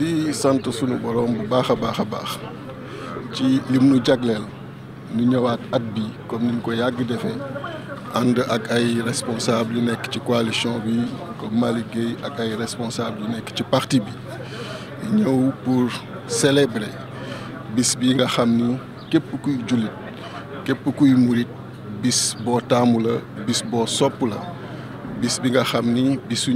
di sunu borom bu baax ci lim nu ñëwaat at bi comme niñ ko yàgg defee ànd ak ay responsable yu ci coalition bi comme Malick Gueye ak ay responsable yu nekk ci parti bi ñëw pour célébrer bis bi nga xam képp kuy képp kuy bis la bis la bisu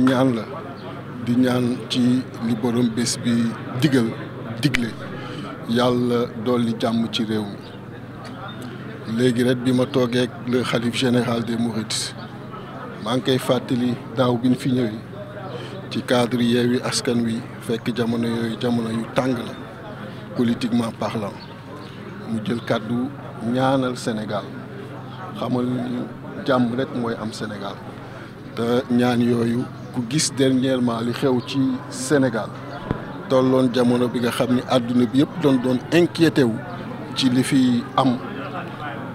di ñaan ci li bés bi digal digle yàlla dolli jàmm ci réew mi léegi rek bi ma toogeek le xalif général des Mourides maa ngi koy fàttali daaw bi ñu fi ñëwee ci cadre Yewwi Askan Wi fekk jamono yooyu jamono yu tàng la politiquement parlant mu jël kàddu ñaanal Sénégal xamal ñu jàmm rek mooy am Sénégal te ñaan yooyu. ku gis dernièrement li xew ci Sénégal dans jamono bi nga xamni que bi doon doon inquiété wu ci li fi am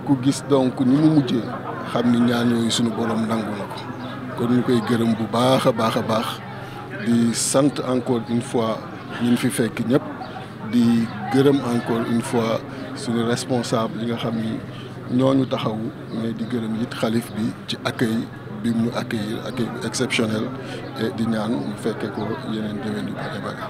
ku gis donc ni mu ñaan borom kon encore une fois ñin fi fekk di encore une fois suñu responsable li nga mais di bi mu accueillir accueil exceptionnel et di ñaan ñu fekkee ko yeneen déwén yu bare